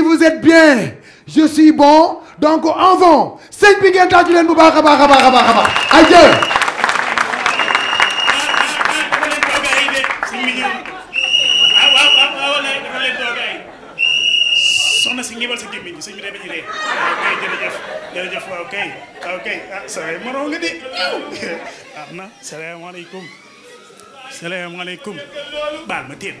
si vous êtes bien je suis bon donc avant sëñ bi ngeen tàccu leen bu baax a baax a baax a baax a baax ay jël soxna si ñibal sa gémmiñ sëñ bi day bañ a ree kay jërëjëf jërëjëf waaw kay waaw kay ah saay mënoo nga de ah na salaamaaleykum salaamaaleykum baal ma téen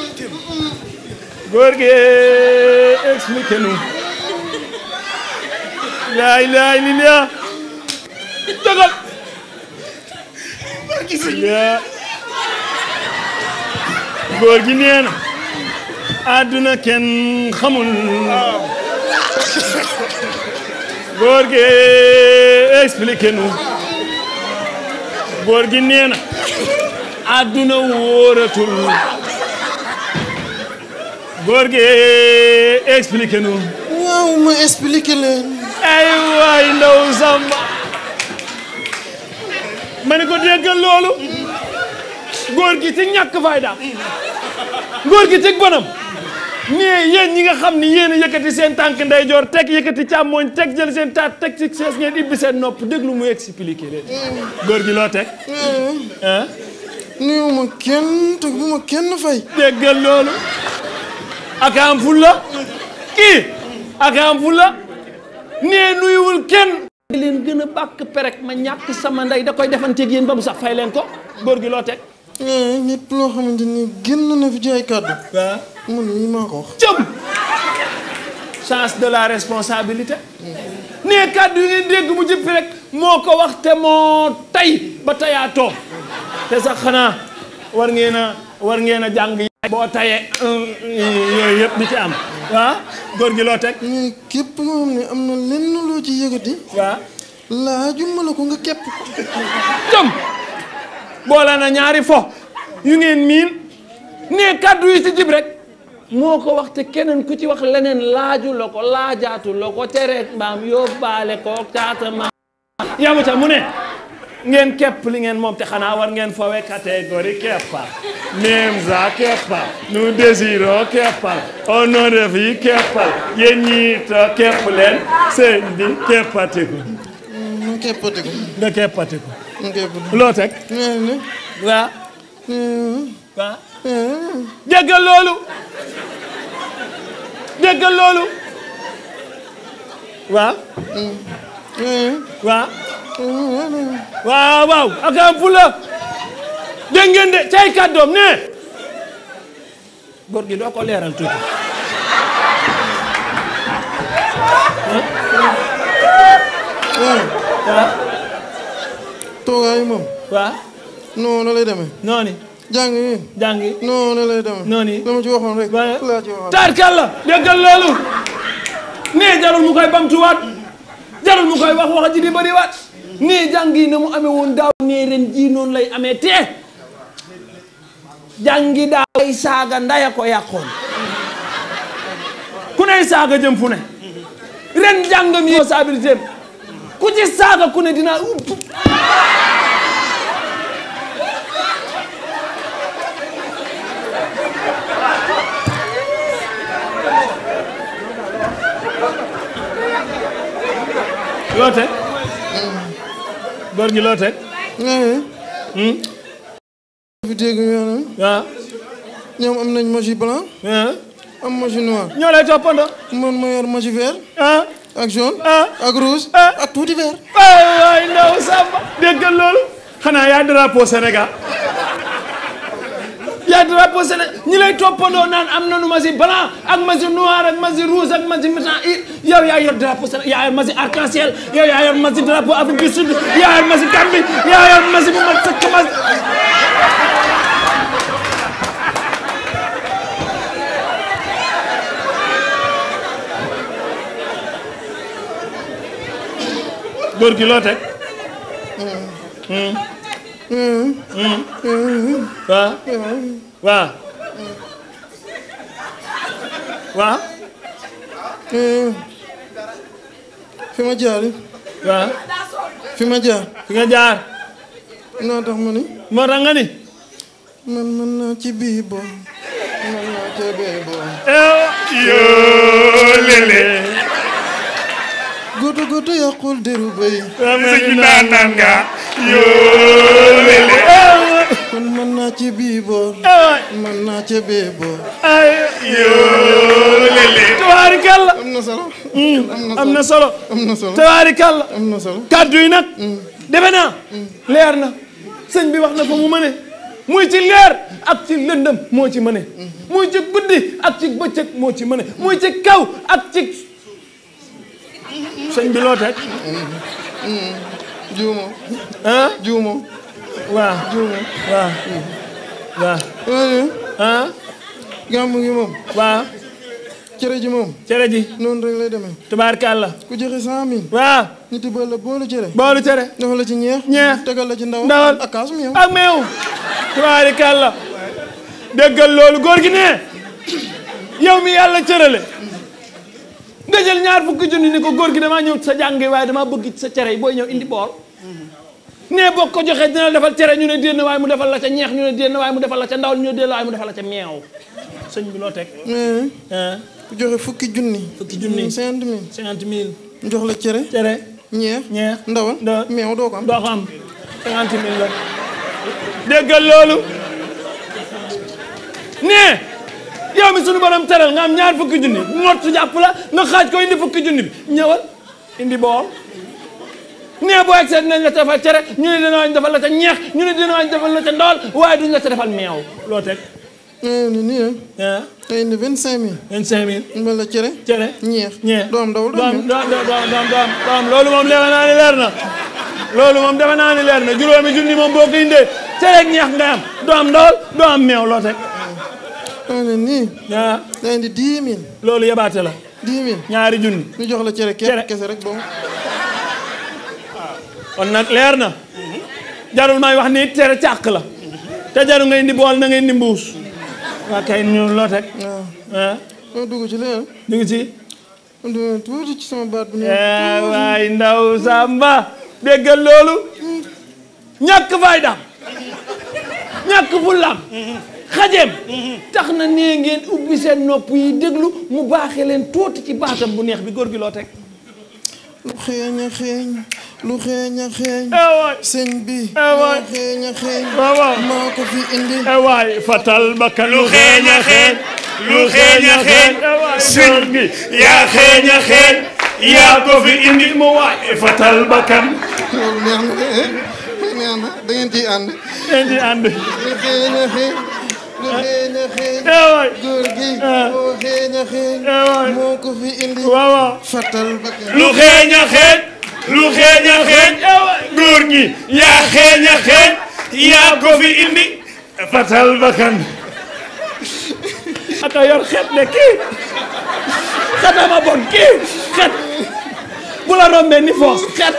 góor gi expliqué nu laay laay li la dogal góor kenn xamul góor gi expliqué nu góor gi nee na góor gi expliqué nu waaw ma expliqué leen ay waay ndaw Samba ma ne ko déggal loolu góor gi ci ñàkk fayda góor gi ci bonam mais yéen ñi nga xam ni yéen a yëkkati seen tànk ndeyjoor teg yëkkati càmmooñ teg jël seen taat teg ci sees ngeen ibbi seen nopp déglu mu expliqué leen mm. góor gi loo teg ah mm. néew kenn te bu kenn fay déggal loolu ak am fulla kii ak fulla nee nuyuwul kenn. leen gën a bàkk perek ma ñàkk sama ndey da koy defanteeg yéen ba mu sax fay leen ko góor gi loo teg. Eh, nit loo xamante ni fi ci ay kàddu. waaw man mii maa ko wax. jëm chance de la responsabilité. Mm. nee kàddu yi ngeen dégg mu jëpp rek moo ko wax te moo tey ba tayaatoo te sax xanaa war ngeen a war ngeen jàng. boo tayee euh, yooyu yëpp di ci am waaw góor gi loo teg mais eh, képp nga am na lenn loo ci yëgati waaw laa jumbala ko nga képp ko jom boole na ñaari fo yu ngeen miin ne kàddu yi ci jib rek moo ko wax te keneen ku ci wax leneen laaju la ko laajaatu la ko tereet mbaam yóbbaale ko caata maam yamu ca mu ne ngeen kepp li ngeen moom te xanaa war ngeen foowe catégorie keppal Nemza keppal nous désirons keppal au nom de vie keppal yéen ñi it kepp leen sëñ bi keppatiku mu keppatiku nga keppatiku loo teg waa waa déggal loolu déggal loolu waa waa waaw waaw ak am fula dégg ngeen de cay kàddoom ne gi doo ko leeral tuuti waaw toogaay moom waaw non la lay demee noonu jàng yi jàng yi non ma ci waxoon rek laa ci waxoon tarkal la déggal loolu ne jarul mu koy jarul mu koy wax wax ji di bëri waat nii jàng yi na mu amee woon daaw nee ren jii noonu lay amee te jàngi daaw ay saaga ndaya ko yàqoon ku ne saaga jëm fu ne ren jàngam yi responsabilité ku ci saaga ku ne dinaa góor ñi loo teg. fi dégg ñoom am nañ mochi blanc. Ah. am mochi noir. ñoo lay toppandoo. man ma yor mochi ak jaune. Ah. ak rouge. Ah. ak tuuti vert. waay loolu. xanaa yaa drapeau Sénégal. yaa drapeau Sénégal ñi lay toppandoo naan am nanu masi blanc ak masi noir ak masi rouge ak masi métan yow yaa yor drapeau Sénégal yaa yor masi arc en ciel yow yaa yor masi drapeau Afrique du Sud yaa yor masi Gambie yaa yor masi bu mat sëkk mas góor gi loo teg hmm. Hmm. waaw waaw waaw fi ma jaar waaw fi ma jaar fi nga jaar noo tax mu ni moo naa ci bii bo naa ci bii bo yoo lele gutu gutu yàqul deru béy. sëñ bi naan naan nga yoo lele. kon mën naa ci bii boor. naa ci bee am na solo. Hmm. am na solo am na solo. tabaarikàlla. am na kàddu yi nag. Hmm. defe hmm. leer na sëñ bi wax na fa mu mëne. muy ci leer ak ci lëndëm moo ci mëne. muy ci guddi ak ci bëccëg moo ci mëne. muy ci kaw ak ci. sëñ bi loo teg. juumo. ah juumo. waaw juumo. waaw. waaw. waaw. ah. gàmmu gi moom. waaw. cere ji moom. cere ji. noonu rek lay demee. tubaarkàlla. ku joxe cent mille. waaw. ñu tibbal la boolu cere. boolu cere. defal la ci ñeex. ñeex tegal la ci ndaw. ndawal ak kaasu meew. ak meew. tubaarkàlla. déggal loolu góor gi ne yow mi yàlla cërale. nga jël ñaar fukki junni ni ko góor gi damaa ñëw sa jànge waaye damaa bëgg sa cere yi booy ñëw indi bool nee boo ko joxee dina la defal cere ñu ne déen waaye mu defal la ca ñeex ñu ne déen waaye mu defal la ca ndawal ñu ne waaye mu defal la ca meew sëñ bi loo teg ku joxe fukki junni fukki junni cinquante mille cinquante mille jox la cere cere ñeex ñeex ndawal meew doo ko am doo ko am la déggal loolu réew mi suñu borom teral nga am ñaar fukki junni mott jàpp la nga xaaj ko indi fukki junni bi ñëwal indi bool nee boo egsee dinañ la ñeex ñu ne dina wañ defal la ca ndool la ca defal meew loo teg ni nii ah tey ñeex ñeex doom dawul doom naa ni leer na loolu moom defe indee cere ñeex nga doom ndool doom meew loo daa ne indi dix loolu yabaate la. dix ñaari junni. ñu jox la cere kese kese rek bon. Ah. kon nag leer na. jarul may wax ni cere càq la. te jarul ngay indi bool na ngay indi mbuus. waa kay ñu loo teg. Ah. Ah. waaw. ma dugg ci leen. dugg ci. tuuti ci sama baat bu ñu. Eh, waay ndaw Samba. déggal loolu. Hmm. ñàkk faydaam. ñàkk fullaam. xajeem tax na nee ngeen ubbi seen nopp yi déglu mu baaxee leen tuuti ci baatam bu neex bi góor gi loo teg lu xeeñ a xeeñ lu xeeñ a xeeñ eh sëñ eh eh bi yaa xeeñ a xeeñ yaa ko fi indi mu waay fatal bakkan loolu neex da ngeen ciy ànd da ànd lu xëy na xëy. lu xëy na xëy. lu xëy na xëy. góor gi ko fi indi. fattal bakkan. aka yor xet ne kii xetama bon kii xet bu la rombee ni foos xet.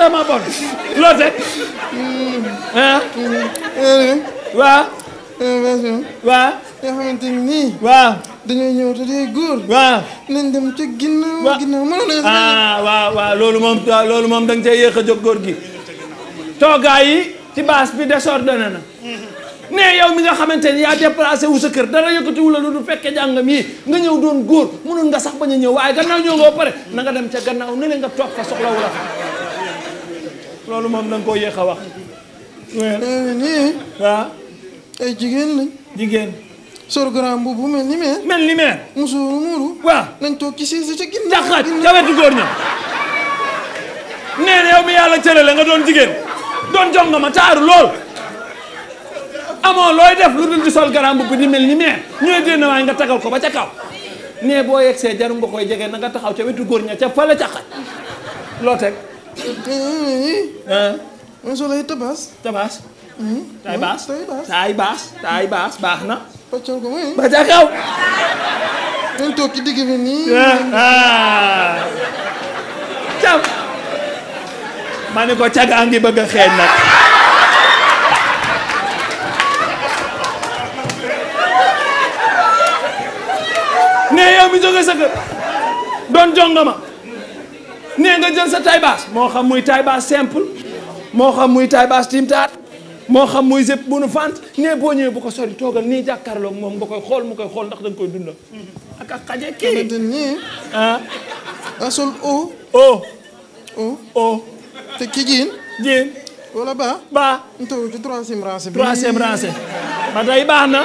dama bon loo xamante ni. waaw. dañoo ñëw te day góor. waaw nañ dem ca ginnaaw. waaw ginnaaw mënoon ah waaw waaw loolu moom loolu moom da nga cee yéex a jóg góor gi. toogaay yi ci baas bi désordonné na. nee yow mi nga xamante ni yaa déplacé wu sa kër dara yëkkatiwu la lu du fekkee jàngam yi nga ñëw doon góor mënoon nga sax ba a ñëw waaye gannaaw ñëw nga ba pare na nga dem ca gannaaw ne leen nga toog fa soxlawu la loolu moom da koo yéex a wax. nee nii. waaw. ay jigéen lañ. jigéen. sor grand bu mel ni meer. mel ni meer. musóoru muuru. nañ toog ci si si ca ginnaaw. jaxaat ca wetu góor ña. nee na yow mi yàlla la nga doon jigéen. doon jong ma taaru lool. amoo looy def lu dul di sol grand bu di mel ni meer ñooy dénn waaye nga tagal ko ba ca kaw. nee boo yegsee jarum nga koy jege na nga taxaw ca wetu góor ña ca fële ca xaj loo teg. mooy soo lay tabaas. tabaas. taay baas taay baas taay baas baax na. pàccal ko mooy. ba ca kaw. dañ toog ci digg bi nii. cam. ma ne ko cagaa ngi bëgg a ne yow mi jóge sa kër doon jongama. nee nga jël sa taille basse moo xam muy taille basse simple moo xam muy taille basse timtaat moo xam muy zép bu nu fant nee boo ñëwee bu ko sori toogal nii jàkkaarloog moom nga koy xool mu koy xool ndax da nga koy dundal. a ak xaje kii a ah. asul o. o. o te ki jiin. jiin. wala ba. ba. ba tey baax na.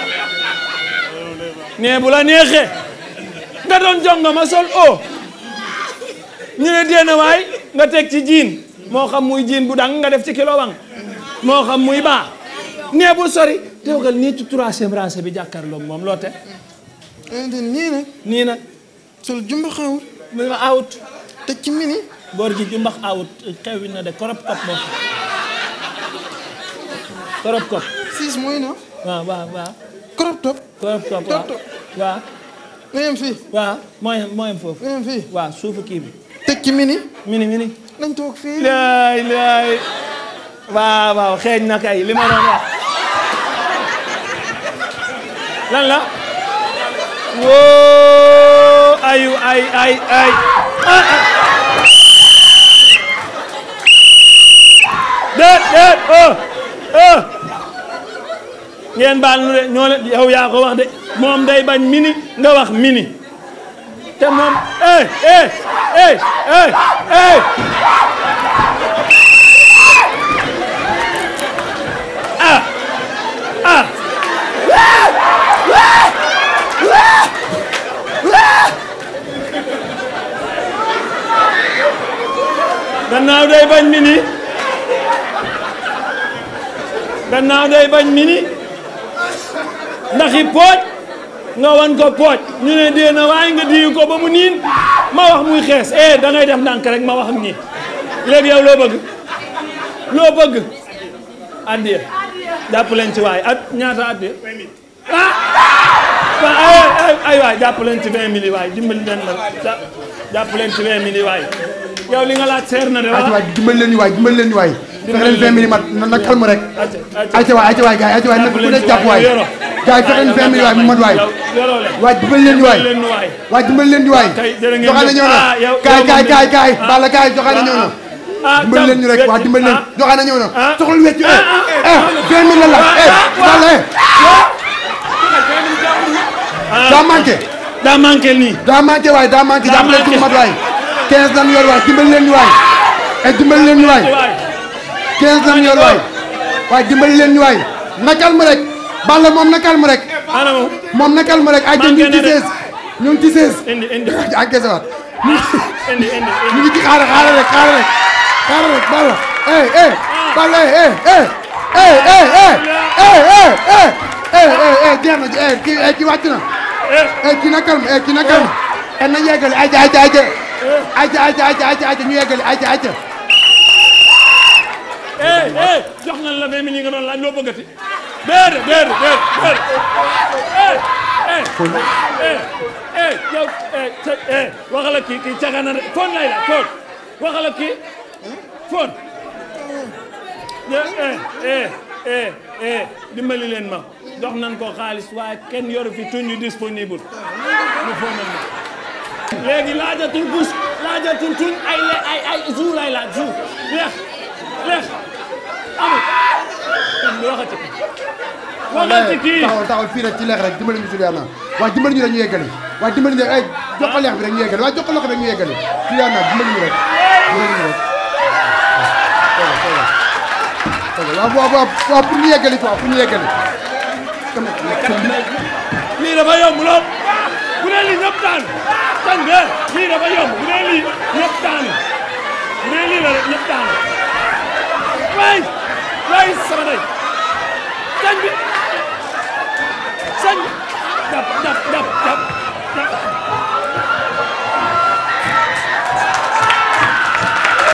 nee bu la neexee. nga doon jonga ma sol o. ñu ne déen waay nga teg ci jiin moo xam muy jiin bu dang nga def ci kilo wang moo xam muy baa nee bu sori teewgal nii ci troisième rangée bi jàkkaarloog moom loo te nii nag sol jumbax awut ma awut teg ci mini góor gi jumbax awut xewi na de korop kop moom korop kop siis mooy na waaw mooy fii waaw mooy fii waaw suufu kii bi ci mini. mini mini. nañ toog waaw waaw xeeñ na kay li ma lan la. woo ayu ay ay ay. Ah, ah. déet déet oh oh. ngeen baal nu de ñoo leen yow wax de moom day bañ mini nga wax mini. te moom eh eh. hey hey hey ah ah gannaaw day bañ mi ni gannaaw day bañ mi ni ndaxi pooj nga wan ko pooj ñu ne dee na waaye nga diyu ko ba mu niin ma wax muy xees eh da def ndànk rek ma wax ak ñi léegi yow loo bëgg loo bëgg addiya jàpp ci waay at ñaata addiya ah, ah! ay ay waay jàpp leen ci 20 mille waay dimbali leen la jàpp leen ci 20 mille waay yow li nga laaj seer na de waaw waay dimbali leen leen ñu waay fexe leen na calme rek ayca waay ayca waay gars yi waay na ku jàpp waay gars yi fexe nañu fee waay Momadou waay. waay dimbali leen di waay waay dimbali leen di waay. joxaane ñëw na ah, kaay kaay kaay kaay Balla kaay joxaane ñëw na. Ah, ah, dimbali leen ñu rek waa dimbali leen joxaane ñëw na soxla wecc eh eh vingt mille la la eh Balla eh. daa manqué. daa manqué nii. daa manqué waay daa manqué daa manqué jàppale Momadou waay. 15 lan yor waay dimbali leen di waay. eh dimbali leen di waay. 15 lan yor waay. waay dimbali leen di waay. nakal ma rek. Balla moom na calme rek. moom na calme rek ay ñun ci sees ñun ci sees. indi indi ñu ci xaaral xaaral rek xaaral rek Balla. eh eh Balla eh eh eh eh eh, eh. eh, eh jeex na eh kii kii wàcc na. eh kii na calme eh na calme. eh nañu yeggali ayca ayca ayca. ayca ñu yeggali ayca ayca. laaj déedéet déedéet déedéet. eh yow eh, eh waxala kii kii caga na fon lay la fon fon. eh eh, eh, eh leen ma dox nan ko xaalis waaye kenn yoru fi tuñu disponible mu fonal ma léegi laajatul bus laajatul tuñ ay ay ay jour lay laaj jour leex leex amul kon waxati ko waxal ci kii taxawal taxawal fii rek ci leex rek dimbali ñu Juliana waaye dimbali ñu rek ñu yeggali waaye dimbali ñu rek ay eh, jox ko leex bi rek ñu yeggali waaye jox ko loxo rek ñu yeggali Juliana dimbali ñu rek dimbali ñu rek waaw waaw waaw waaw pour ñu yeggali quoi pour ñu yeggali lii dafa yomb lool bu dee lii ñëpp daan tan be lii dafa yomb bu dee lii ñëpp daan bu dee lii la rek ñëpp daan waay waay sama day tan bi dab dab dab dab